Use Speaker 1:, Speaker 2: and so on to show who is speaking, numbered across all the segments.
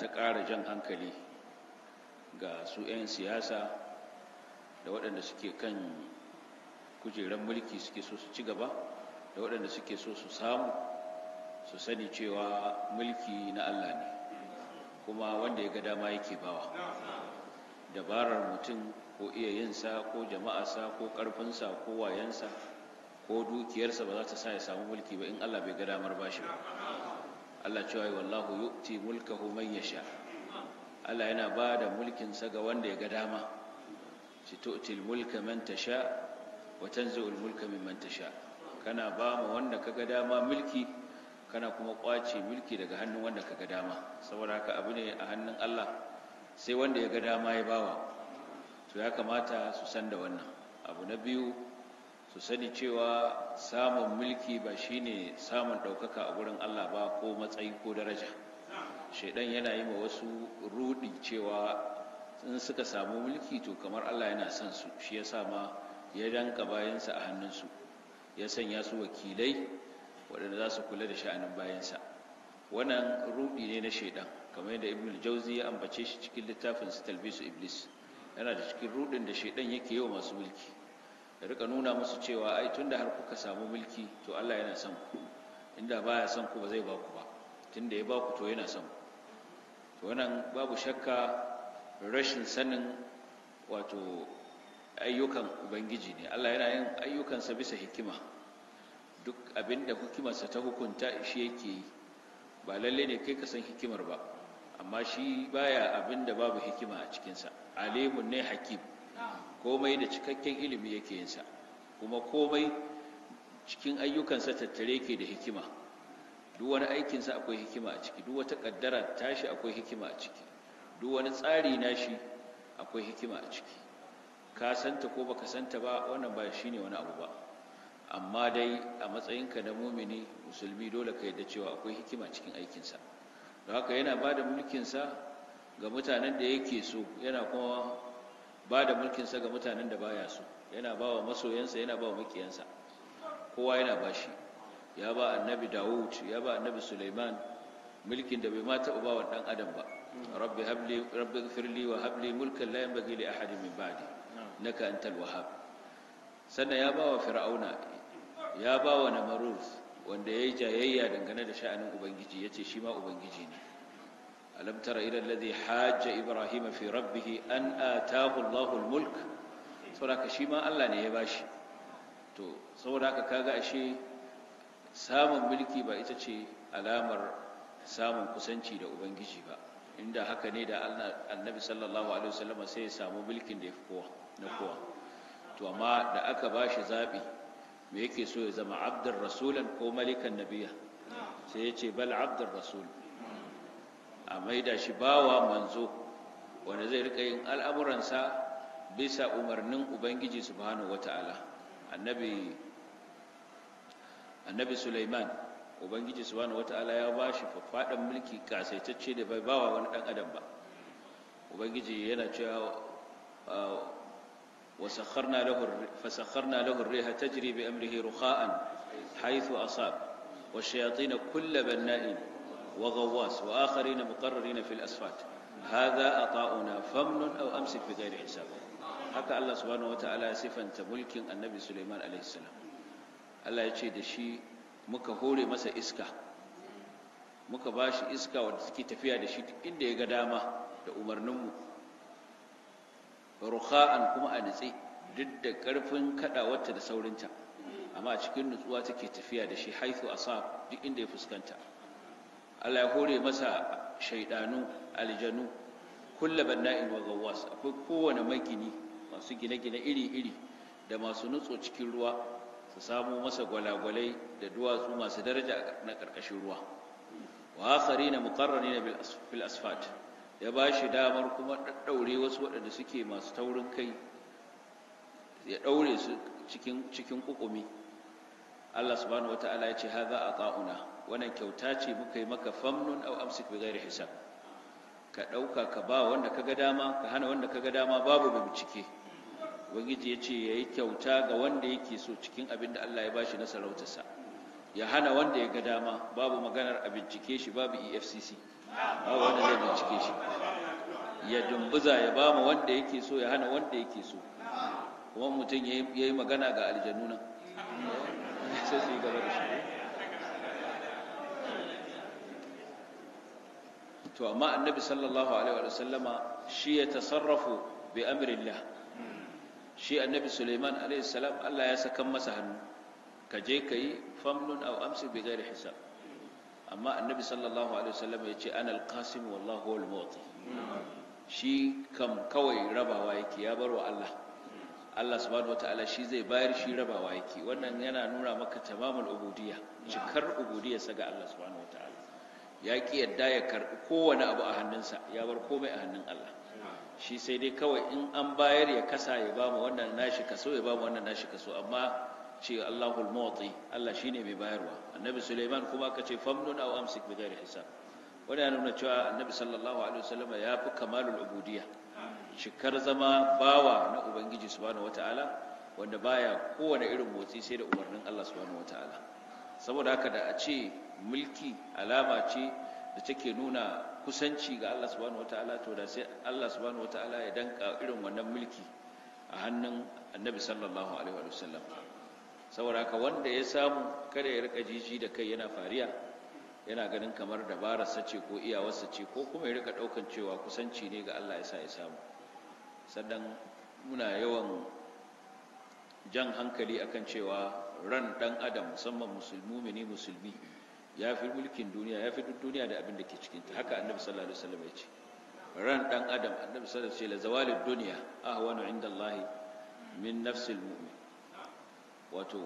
Speaker 1: ta ƙara jan hankali ga su 'yan siyasa da waɗanda suke kan kujerar mulki suke so su ci gaba da waɗanda suke so su samu su sani cewa mulki na Allah ne kuma wanda ya ga dama yake bawa dabarar mutum ko iya yinsa ko jama'arsa ko ƙarfinsa ko wayensa, ko dukiyarsa ba za ta sa ya samu mulki ba in Allah bai ga damar ba shi ba Allah cewa wallahu yu'ti mulkahu man yasha Allah yana ba da mulkin sa ga wanda ya ga dama ci tu'til mulka man tasha wa tanzu'ul mulka mimman tasha kana ba mu wanda kaga dama mulki kana kuma kwace mulki daga hannun wanda kaga dama saboda haka abu ne a hannun Allah sai wanda ya ga dama ya bawa to ya kamata su san da wannan abu na biyu su sani cewa samun mulki ba shine samun ɗaukaka a gurin Allah ba ko matsayi ko daraja shaidan yana yi ma wasu rudi cewa in suka samu mulki to kamar Allah yana son su shi ya ma ya danka bayansa a hannunsu ya sanya su wakilai waɗanda za su kula da sha'anin bayansa wannan rudi ne na shaidan kamar yadda ibn jauzi ya ambace shi cikin littafin su talbisu iblis yana da cikin rudin da shaidan yake yi wa masu mulki da rika nuna musu cewa ai tunda har kuka samu mulki to Allah yana son ku inda baya son ku ba zai ba ku ba tunda ya ba ku to yana son ku to wannan babu shakka rashin sanin wato ayyukan ubangiji ne Allah yana yin ayyukansa bisa hikima duk abinda sa ta hukunta shi yake yi ba lalle ne kai ka san hikimar ba amma shi baya abinda babu hikima a cikinsa alimun ne hakim komai da cikakken ilimi yake yin sa kuma komai cikin ayyukansa tattare ke da hikima duk wani aikinsa akwai hikima a ciki duk wata kaddara tashi akwai hikima a ciki duk wani tsari nashi akwai hikima a ciki ka santa ko baka santa ba wannan ba shine wani abu ba amma dai a matsayinka na mumini musulmi dole ka yadda cewa akwai hikima cikin aikinsa don haka yana ba da sa ga mutanen da yake so yana kuma ba da mulkin sa ga mutanen da baya so yana ba wa masoyansa yana ba wa makiyansa kowa yana ba shi ya ba annabi dawud ya ba annabi suleiman mulkin da bai ma taɓa ba wa ɗan adam ba rabbi habli rabbi firli wa habli mulkan la yanbaghi li ahadin min ba'di naka antal wahhab sannan ya ba wa fir'auna ya ba wa namaruz wanda yayi jayayya dangane da sha'anin ubangiji yace shi ma ubangiji ne Alamtar idan ladai haja حاج إبراهيم في ربه أن آتاه الله الملك saboda shi ma Allah ne ya bashi to saboda haka kaga ashe samun mulki ba ita ce alamar samun kusanci da ubangiji ba inda haka ne da annabi sallallahu alaihi wasallam sai ya samu mulkin da yafi na kowa to amma da aka bashi zaɓi, me yake so ya zama abdur rasulan ko malikan nabiyya sai ya ce bal abdur rasul a maida shi bawa manzo wanda zai rika yin al'amuransa bisa umarnin ubangiji subhanahu wata'ala annabi annabi Sulaiman ubangiji subhanahu wata'ala ya ba shi faffadan mulki kasaitacce da bai bawa wani dan adam ba ubangiji yana cewa وسخرنا له فسخرنا له الريح تجري بأمره رخاء حيث أصاب والشياطين كل بناء وغواص وآخرين مقررين في الأسفات هذا أطاؤنا فمن haka Allah subhanahu wataala ya mulkin Annabi Sulaiman alaihi salam Allah ya ce da shi muka hore masa iska muka bashi iska wanda suke tafiya da shi inda ya ga dama da umarninmu rukha'an kuma a natse duk da karfin kadawarta da saurinta amma a cikin nutsuwa take tafiya da shi haithu sa duk inda ya fuskanta Allah ya hore masa shaidanu aljanu kulla banna'in wa gawwas akwai kowane magini masu gine-gine iri-iri da masu nutso cikin ruwa su samu masa gwalagwalai da duwatsu masu daraja na ƙarƙashin ruwa wa akhari na muqarrani na bil asfat ya ba shi damar kuma daddaure wasu waɗanda suke masu taurin kai ya daure su cikin cikin kukumi Allah subhanahu wataala ya ce haza ata'una wannan kyauta ce muka yi maka famnun au amsik bi ghairi hisab ka dauka ka ba wanda kaga dama ka hana wanda kaga dama babu bincike ubangiji ya yayi kyauta ga wanda yake so cikin abin da Allah ya bashi na sarautarsa ya hana wanda ya ga dama babu maganar a bincike shi babu EFCC babu wanda zai bincike shi ya dumbuza ya ba mu wanda yake so ya hana wanda yake so kuma mutum ya yi magana ga Aljanuna. sai su yi gaba da shi to amma annabi sallallahu alaihi wa sallama shi ya tasarrafu bi amrillah shi annabi Sulaiman alaihi salam Allah ya sakan masa hannu ka je kai famnun aw amsi bi ghairi hisab amma annabi sallallahu alaihi wasallam ya ce ana alqasim wallahu wal mu'ti shi kam kawai rabawa yake ya barwa Allah Allah subhanahu wataala shi zai bayar shi rabawa yake wannan yana nuna maka tamamul ubudiyya cikar ubudiyyarsa ga Allah subhanahu wataala ya ki yadda ya karɓi kowane abu a hannunsa ya bar komai a hannun Allah shi sai dai kawai in an bayar ya kasa ya ba mu wannan nashi kaso ya ba mu wannan nashi kaso amma ce Allahul Muwati Allah shine mai bayarwa Annabi Sulaiman kuma aka ce famnun aw amsik bi ghairi hisab wannan ya nuna cewa Annabi sallallahu alaihi wasallam ya fi kamalul ubudiyya shikar zama bawa na Ubangiji subhanahu wataala wanda baya kowane irin motsi sai da umarnin Allah subhanahu wataala saboda haka da a ce mulki alama ce da take nuna kusanci ga Allah subhanahu wataala to da sai Allah subhanahu wataala ya danka irin wannan mulki a hannun annabi sallallahu alaihi wa sallam saboda haka wanda ya samu kada ya rika jiji da kai yana fariya yana ganin kamar dabararsa ce ko iyawarsa ce ko kuma ya rika daukan cewa kusanci ne ga Allah ya sa ya samu sannan muna yawan jan hankali akan cewa ran dan adam musamman musulmi ne musulmi ya fi mulkin duniya ya fi duniya da abin da ke cikinta haka annabi sallallahu alaihi wasallam ya ce ran dan adam annabi sallallahu alaihi wasallam ce la zawalid dunya ahwanu inda Allah min nafsil mu'min wato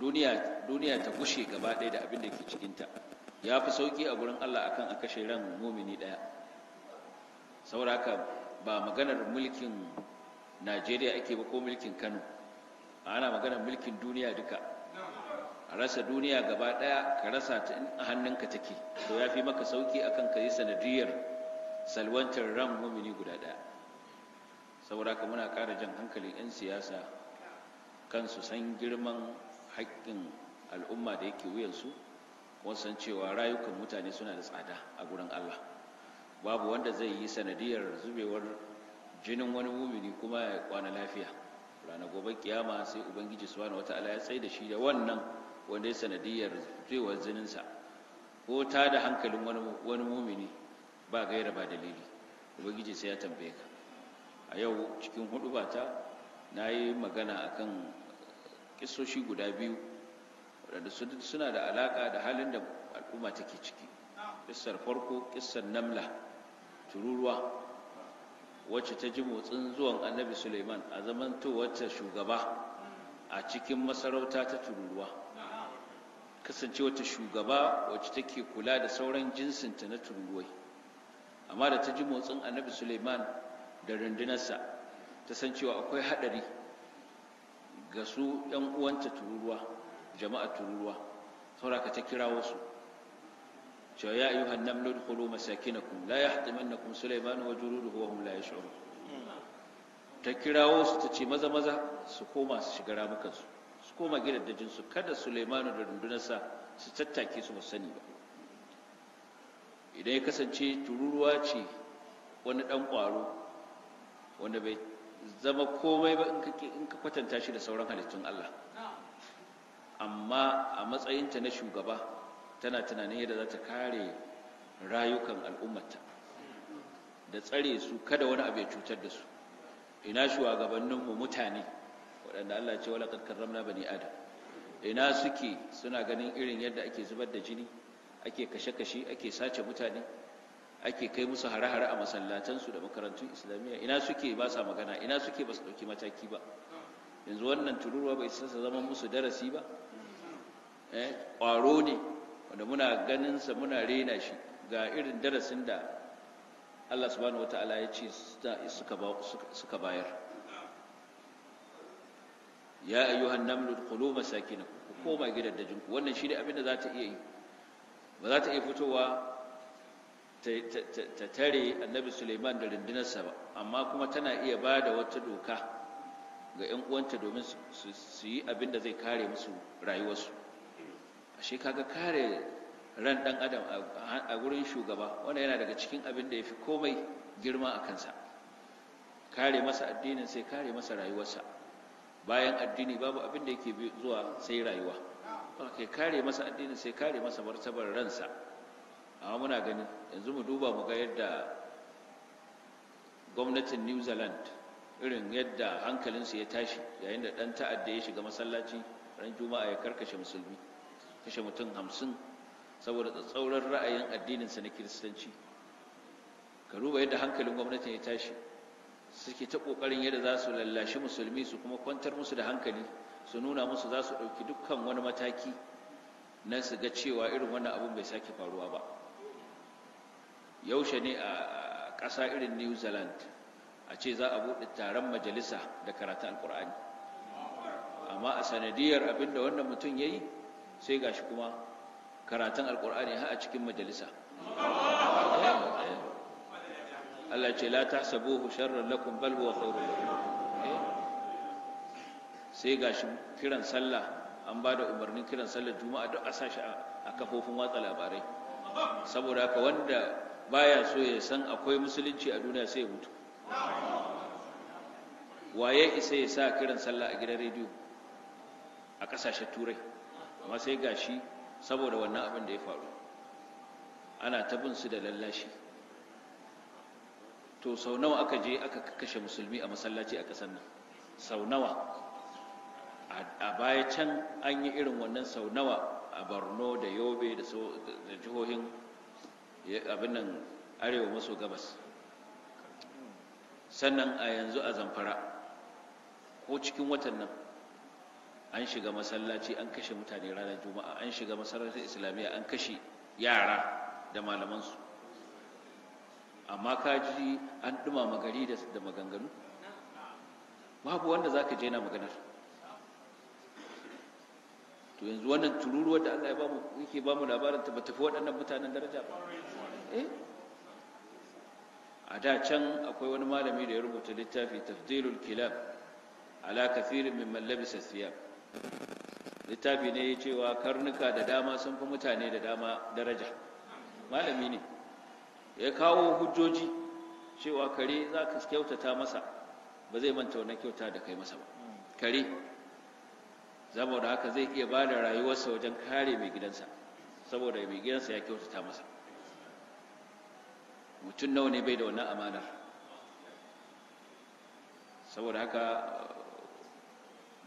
Speaker 1: duniya duniya ta gushe gaba ɗaya da abin da ke cikinta ya fi sauki a gurin Allah akan a kashe ran mumini ɗaya saboda haka ba maganar mulkin Najeriya ake ba ko mulkin Kano ana magana mulkin duniya duka a rasa duniya gaba daya ka rasa ta a hannunka take to ya fi maka sauki akan ka yi sanadiyar salwantar ran mumini guda daya saboda ka muna kara jan hankalin 'yan siyasa kansu san girman haƙƙin al'umma da yake wuyansu wasan cewa rayukan mutane suna da tsada a gurin Allah babu wanda zai yi sanadiyar zubewar jinin wani mumini kuma ya kwana lafiya ranar gobe kiyama sai ubangiji subhanahu wataala ya tsaye da shi da wannan wanda ya sanadiyar zuwa jininsa ko ta da hankalin wani mumini ba gaira ba dalili ubangiji sai ya tambaye ka a yau cikin hudu bata na yi magana akan kisoshi guda biyu wadanda suna da alaka da halin da al'umma take ciki kissar farko kissar namla tururuwa wacce ta ji motsin zuwan annabi suleiman a zamantowarta shugaba a cikin masarauta ta tururuwa kasance wata shugaba wacce take kula da sauran jinsinta na tururuwai amma da ta ji motsin annabi suleiman da rundunarsa ta san cewa akwai haɗari ga su ‘yan uwanta tururuwa jama'a tururuwa sauraka ta kira wasu cewa ya ayyuha namlu dkhulu masakinakum la kuma Suleimanu wa juluduhu wa hum la yash'urun ta kirawo su ta ce maza maza su koma su shiga ramukan su su koma gidaddajin su kada Suleimanu da rundunarsa su tattake su ba sani ba idan ya kasance tururuwa ce wani dan ƙwaro, wanda bai zama komai ba in ka kwatanta shi da sauran halittun Allah amma a matsayinta na shugaba tana tunanin yadda za ta kare rayukan al'ummata da tsare su kada wani abu ya cutar da su ina shugabanninmu mutane waɗanda Allah ce wala karramna bani adam ina suke suna ganin irin yadda ake zubar da jini ake kashe-kashe ake sace mutane ake kai musu hare-hare a masallatansu da makarantun islamiyya ina suke ba sa magana ina suke ba su ɗauki mataki ba yanzu wannan tururuwa bai sassa zaman musu darasi ba eh, ƙwaro ne wanda muna ganinsa muna rena shi ga irin darasin da Allah subhanahu wata'ala ya ce suka bayar ya ayyuhan namlu qulu masakinakum ku koma gidan jinku wannan shi ne abin da za ta iya yi ba za ta iya fitowa ta tare annabi Suleiman da rundunarsa ba amma kuma tana iya ba da wata doka ga 'yan uwanta domin su yi abin da zai kare musu rayuwarsu ashe kaga kare ran dan adam a gurin shugaba wanda yana daga cikin abin da yafi komai girma a kansa kare masa addinin sai kare masa rayuwarsa bayan addini babu abin da yake zuwa sai rayuwa kai kare masa addinin sai kare masa martabar ransa amma muna gani yanzu mu duba mu ga yadda gwamnatin new zealand irin yadda hankalinsu ya tashi yayin da ɗan ta'adda ya shiga masallaci ran juma'a ya karkashe musulmi kashe mutum hamsin saboda tsatsauran ra'ayin addininsa na kiristanci ka ruba yadda hankalin gwamnatin ya tashi suke ta kokarin yadda za su lallashi musulmi su kuma kwantar musu da hankali su nuna musu za su ɗauki dukkan wani mataki na su ga cewa irin wannan abin bai sake faruwa ba yaushe ne a ƙasa irin new zealand a ce za a buɗe taron majalisa da karatu alkur'ani amma a sanadiyar abin wannan mutum ya yi sai gashi kuma karatun alkur'ani ha a cikin majalisa eh, eh. Allah ce la tahsabuhu sharran lakum bal huwa khairun lakum eh. sai gashi kiran sallah an ba da umarnin kiran sallar juma'a duk a sashi a kafofin watsa labarai saboda haka wanda baya so ya san akwai musulunci a duniya sai ya mutu waye isa ya sa kiran sallah a gidan rediyo a kasashen turai amma sai gashi saboda wannan abin da ya faru ana ta su da lallashi to sau nawa aka je aka kashe musulmi a masallaci a ƙasar nan sau nawa a baya can an yi irin wannan sau nawa a borno da yobe da jihohin abin nan arewa maso gabas sannan a yanzu a zamfara ko cikin watan nan an shiga masallaci an kashe mutane ranar juma'a an shiga masallacin islamiyya an kashe yara da malamansu amma ka ji an dumama gari da maganganu babu wanda za ka je na maganar to yanzu wannan tururuwa da allah ya bamu yake mu labarin ta ba tafi waɗannan mutanen daraja ba eh a da can akwai wani malami da ya rubuta littafi tafdilul kilab ala kafirin min man labisa thiyab littafi ne ya cewa karnuka da dama sun fi mutane da dama daraja malami ne ya kawo hujjoji cewa kare za ka kyautata masa ba zai manta wannan kyauta da kai masa ba kare saboda haka zai iya bada rayuwarsa wajen kare mai gidansa saboda mai gidansa ya kyautata masa mutum nawa ne bai da wannan amanar saboda haka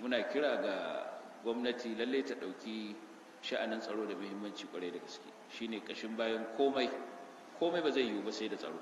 Speaker 1: muna kira ga gwamnati lallai ta ɗauki sha'anin tsaro da muhimmanci kwarai da gaske shine kashin bayan komai komai ba zai yiwu ba sai da tsaro